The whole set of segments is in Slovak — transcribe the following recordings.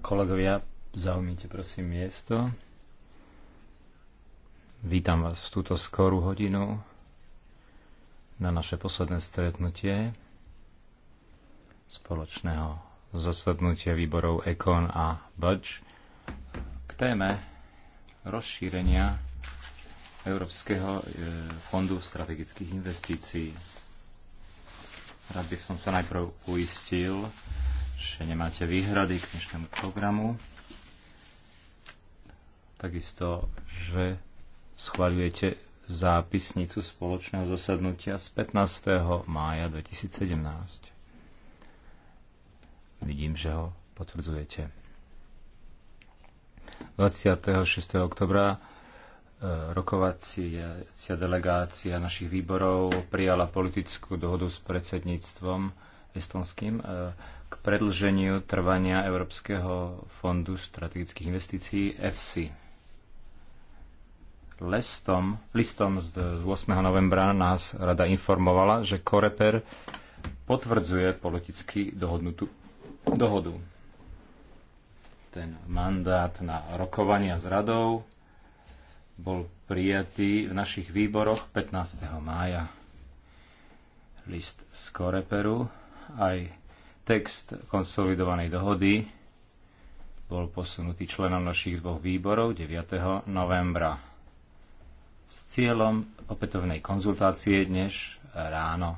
Kolegovia, zaujmite prosím miesto. Vítam vás v túto skorú hodinu na naše posledné stretnutie spoločného zasadnutia výborov Ekon a Bač k téme rozšírenia Európskeho e, fondu strategických investícií Rád by som sa najprv uistil, že nemáte výhrady k dnešnému programu. Takisto, že schváľujete zápisnicu spoločného zasadnutia z 15. mája 2017. Vidím, že ho potvrdzujete. 26. oktobra rokovacia delegácia našich výborov prijala politickú dohodu s predsedníctvom estonským e, k predlženiu trvania Európskeho fondu strategických investícií EFSI. Lestom, listom z 8. novembra nás rada informovala, že Koreper potvrdzuje politicky dohodnutú dohodu. Ten mandát na rokovania s radou bol prijatý v našich výboroch 15. mája. List z Koreperu aj text konsolidovanej dohody bol posunutý členom našich dvoch výborov 9. novembra s cieľom opätovnej konzultácie dnes ráno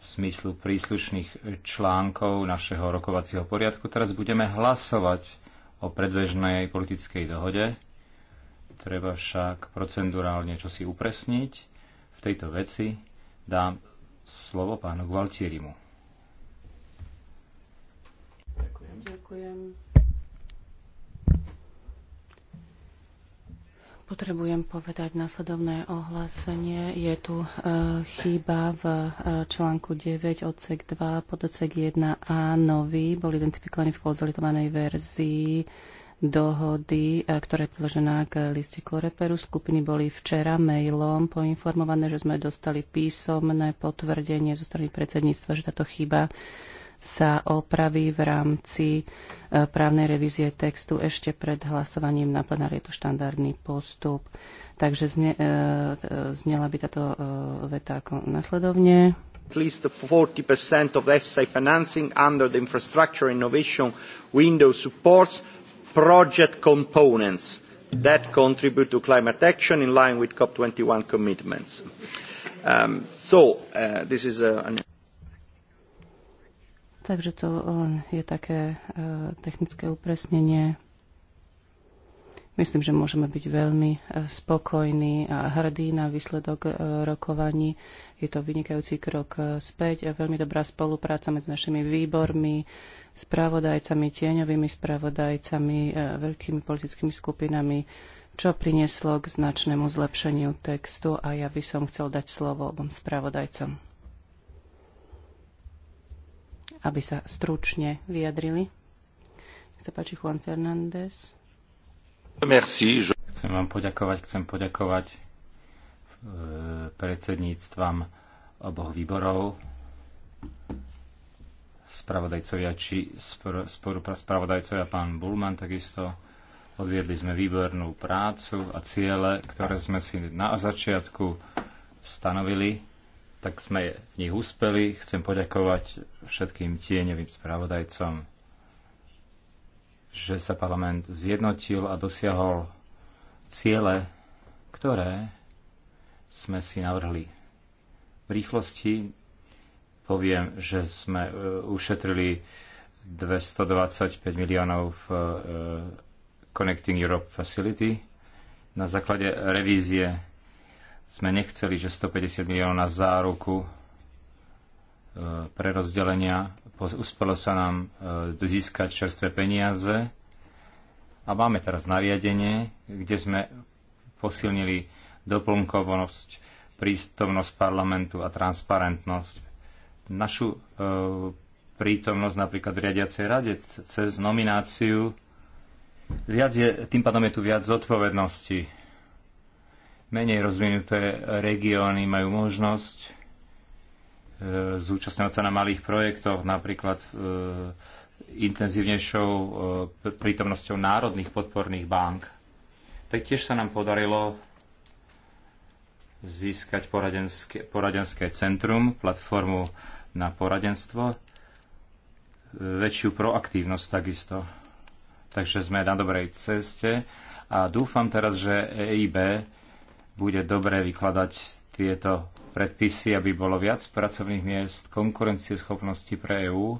v smyslu príslušných článkov našeho rokovacieho poriadku. Teraz budeme hlasovať o predbežnej politickej dohode Treba však procedurálne čo si upresniť. V tejto veci dám slovo pánu Gvaltierimu. Ďakujem. Ďakujem. Potrebujem povedať následovné ohlásenie. Je tu e, chyba v e, článku 9 odsek 2 pod odsek 1a nový. Bol identifikovaný v konzolidovanej verzii dohody, ktorá je priložená k listiku reperu. Skupiny boli včera mailom poinformované, že sme dostali písomné potvrdenie zo strany predsedníctva, že táto chyba sa opraví v rámci e, právnej revízie textu ešte pred hlasovaním na plenár. Je to štandardný postup. Takže zne, e, e, znela by táto veta ako nasledovne at least 40% of EFSI financing under the infrastructure innovation window supports project components that contribute to climate action in line with cop twenty one commitments. Um, so, uh, this is a, uh, an Takže to len je také uh, technické upresnenie Myslím, že môžeme byť veľmi e, spokojní a hrdí na výsledok e, rokovaní. Je to vynikajúci krok e, späť a veľmi dobrá spolupráca medzi našimi výbormi, spravodajcami, tieňovými spravodajcami, veľkými politickými skupinami, čo prinieslo k značnému zlepšeniu textu a ja by som chcel dať slovo obom spravodajcom, aby sa stručne vyjadrili. Nech sa páči Juan Fernández. Chcem vám poďakovať, chcem poďakovať e, predsedníctvam oboch výborov, spravodajcovia či spravodajcovia pán Bulman takisto. Odviedli sme výbornú prácu a ciele, ktoré sme si na začiatku stanovili, tak sme v nich uspeli. Chcem poďakovať všetkým tieňovým spravodajcom že sa parlament zjednotil a dosiahol ciele, ktoré sme si navrhli. V rýchlosti poviem, že sme e, ušetrili 225 miliónov v e, Connecting Europe Facility. Na základe revízie sme nechceli, že 150 miliónov na záruku e, prerozdelenia uspelo sa nám e, získať čerstvé peniaze a máme teraz nariadenie, kde sme posilnili doplnkovosť, prístomnosť parlamentu a transparentnosť. Našu e, prítomnosť napríklad v riadiacej rade cez nomináciu. Viac je, tým pádom je tu viac zodpovednosti. Menej rozvinuté regióny majú možnosť E, zúčastňovať sa na malých projektoch, napríklad e, intenzívnejšou e, prítomnosťou národných podporných bank. Taktiež sa nám podarilo získať poradenské, poradenské centrum, platformu na poradenstvo, väčšiu proaktívnosť takisto. Takže sme na dobrej ceste a dúfam teraz, že EIB bude dobre vykladať tieto predpisy, aby bolo viac pracovných miest, konkurencieschopnosti pre EÚ,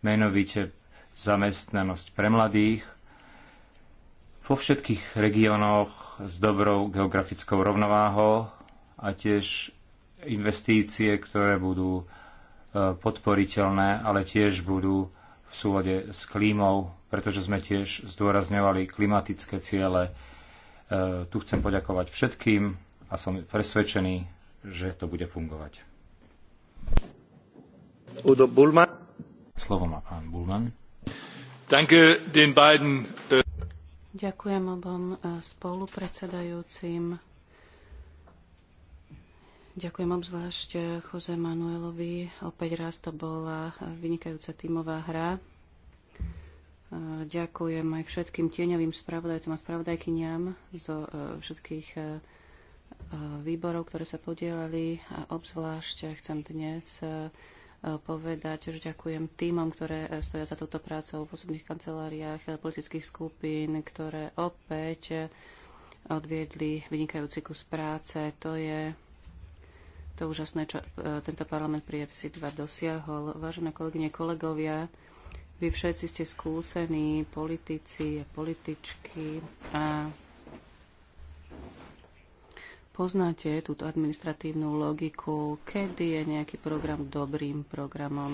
menovite zamestnanosť pre mladých, vo všetkých regiónoch s dobrou geografickou rovnováhou a tiež investície, ktoré budú e, podporiteľné, ale tiež budú v súlade s klímou, pretože sme tiež zdôrazňovali klimatické ciele. E, tu chcem poďakovať všetkým a som presvedčený, že to bude fungovať. Udo Bulman. Slovo má pán Bulman. Danke den beiden. Äh, ďakujem obom äh, spolupredsedajúcim. Ďakujem obzvlášť äh, Jose Manuelovi. Opäť raz to bola vynikajúca tímová hra. Ďakujem aj všetkým tieňovým spravodajcom a spravodajkyniam zo všetkých výborov, ktoré sa podielali a obzvlášť chcem dnes e, povedať, že ďakujem týmom, ktoré e, stoja za touto prácou v osobných kanceláriách e, politických skupín, ktoré opäť odviedli vynikajúci kus práce. To je to úžasné, čo tento parlament pri FC2 dosiahol. Vážené kolegyne, kolegovia, vy všetci ste skúsení politici a političky a Poznáte túto administratívnu logiku, kedy je nejaký program dobrým programom.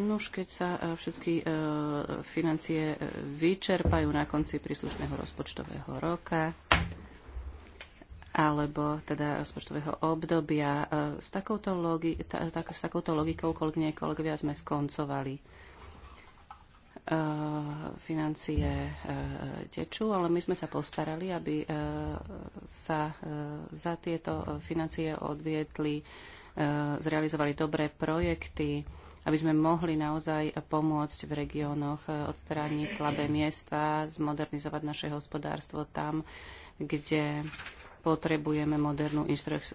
No už keď sa e, všetky e, financie e, vyčerpajú na konci príslušného rozpočtového roka alebo teda rozpočtového obdobia, s, takouto logi- ta, ta, s takouto logikou, kolegyne kolegovia, sme skoncovali financie e, e, tečú, ale my sme sa postarali, aby e, sa za tieto financie odvietli, zrealizovali dobré projekty, aby sme mohli naozaj pomôcť v regiónoch odstrániť slabé miesta, zmodernizovať naše hospodárstvo tam, kde potrebujeme modernú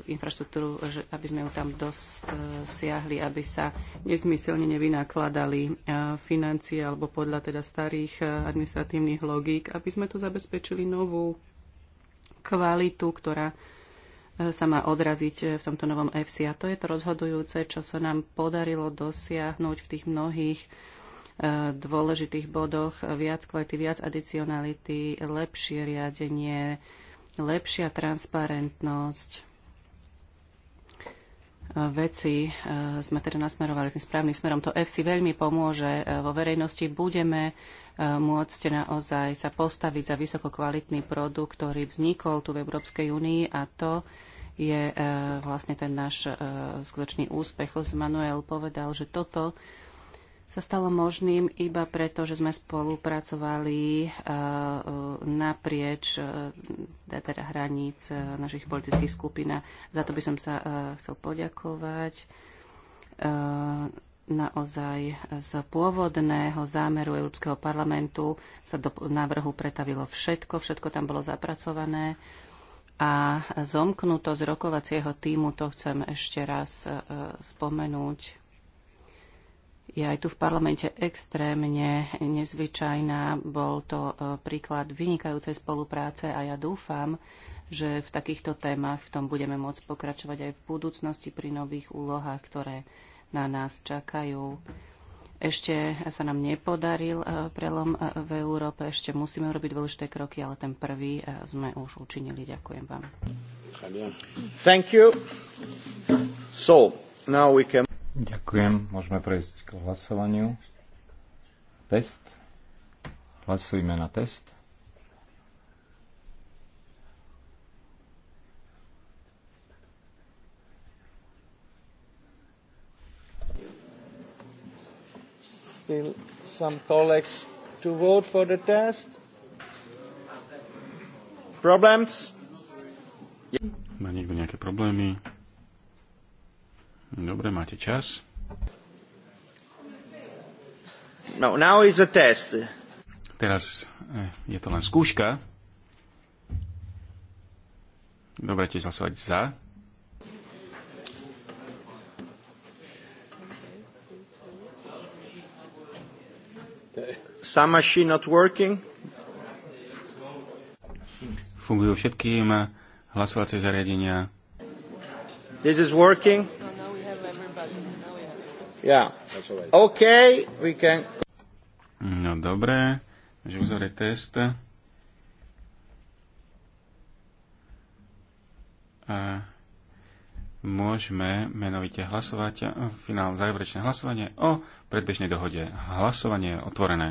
infraštruktúru, aby sme ju tam dosiahli, aby sa nezmyselne nevynakladali e, financie alebo podľa teda starých e, administratívnych logík, aby sme tu zabezpečili novú kvalitu, ktorá e, sa má odraziť v tomto novom EFSI. A to je to rozhodujúce, čo sa nám podarilo dosiahnuť v tých mnohých dôležitých bodoch viac kvality, viac adicionality, lepšie riadenie, lepšia transparentnosť e, veci e, sme teda nasmerovali tým správnym smerom. To si veľmi pomôže e, vo verejnosti. Budeme môcť naozaj teda sa postaviť za vysokokvalitný produkt, ktorý vznikol tu v Európskej únii a to je vlastne ten náš skutočný úspech. Jose Manuel povedal, že toto sa stalo možným iba preto, že sme spolupracovali eh, naprieč eh, teda hraníc eh, našich politických skupín. A za to by som sa chcel poďakovať. Naozaj z pôvodného zámeru Európskeho parlamentu sa do návrhu pretavilo všetko, všetko tam bolo zapracované. A zomknuto z rokovacieho týmu, to chcem ešte raz spomenúť, je aj tu v parlamente extrémne nezvyčajná. Bol to e, príklad vynikajúcej spolupráce a ja dúfam, že v takýchto témach v tom budeme môcť pokračovať aj v budúcnosti pri nových úlohách, ktoré na nás čakajú. Ešte sa nám nepodaril e, prelom e, v Európe, ešte musíme robiť dôležité kroky, ale ten prvý sme už učinili. Ďakujem vám. Thank you. So, now we can... Ďakujem. Môžeme prejsť k hlasovaniu. Test. Hlasujme na test. Still some colleagues to vote for the test. Problems? Má niekto nejaké problémy? Dobre, máte čas. No, now is a test. Teraz eh, je to len skúška. Dobre, tiež hlasovať za. Some machine not working. Fungujú všetkým hlasovacie zariadenia. This is working. Ja. OK, we can... No dobre, že uzore test. A môžeme menovite hlasovať, finálne záverečné hlasovanie o predbežnej dohode. Hlasovanie je otvorené.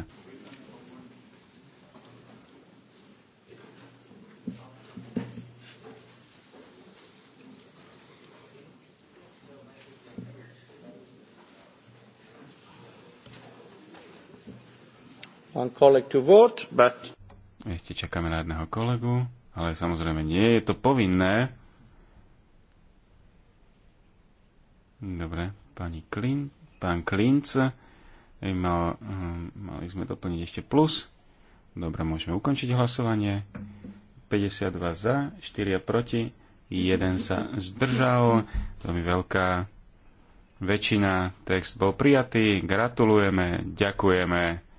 one colleague to vote, but... Ešte čakáme na jedného kolegu, ale samozrejme nie je to povinné. Dobre, pani Klin, pán Klinc, eh, mal, hm, mali sme doplniť ešte plus. Dobre, môžeme ukončiť hlasovanie. 52 za, 4 proti, 1 sa zdržal. Veľmi veľká väčšina. Text bol prijatý. Gratulujeme, ďakujeme.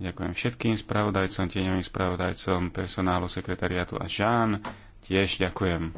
Ďakujem všetkým spravodajcom, tieňovým spravodajcom, personálu sekretariátu a Žán. Tiež ďakujem.